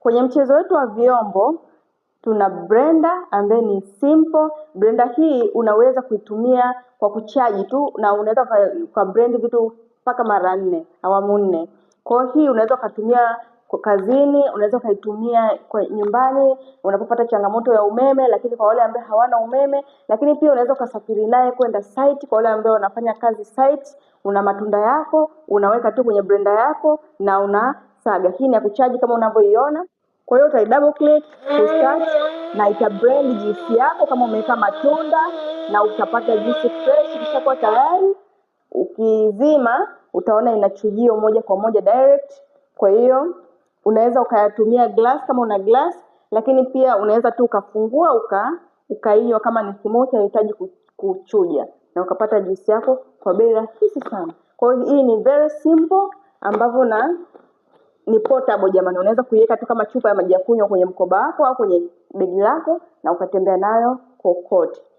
Kwenye mchezo wetu wa vyombo tuna blender ambaye ni simple blender. Hii unaweza kuitumia kwa kuchaji tu, na unaweza kwa blend vitu mpaka mara nne, awamu nne. Kwa hiyo hii unaweza ukatumia kwa kazini, unaweza ukaitumia kwa nyumbani unapopata changamoto ya umeme, lakini kwa wale ambao hawana umeme. Lakini pia unaweza ukasafiri naye kwenda site, kwa wale ambao wanafanya kazi site, una matunda yako unaweka tu kwenye blender yako na una kusaga. Hii ni ya kuchaji kama unavyoiona. Kwa hiyo utai double click kustart na ita brand juisi yako kama umeweka matunda na utapata juisi fresh. Ikishakuwa tayari, ukizima utaona ina chujio moja kwa moja direct. Kwa hiyo unaweza ukayatumia glass kama una glass, lakini pia unaweza tu ukafungua uka ukainywa kama ni smoothie, unahitaji kuchuja na ukapata juisi yako kwa bei rahisi sana. Kwa hiyo hii ni very simple ambavyo na ni portable jamani, unaweza kuiweka tu kama chupa ya maji ya kunywa kwenye mkoba wako au kwenye begi lako na ukatembea nayo kokote.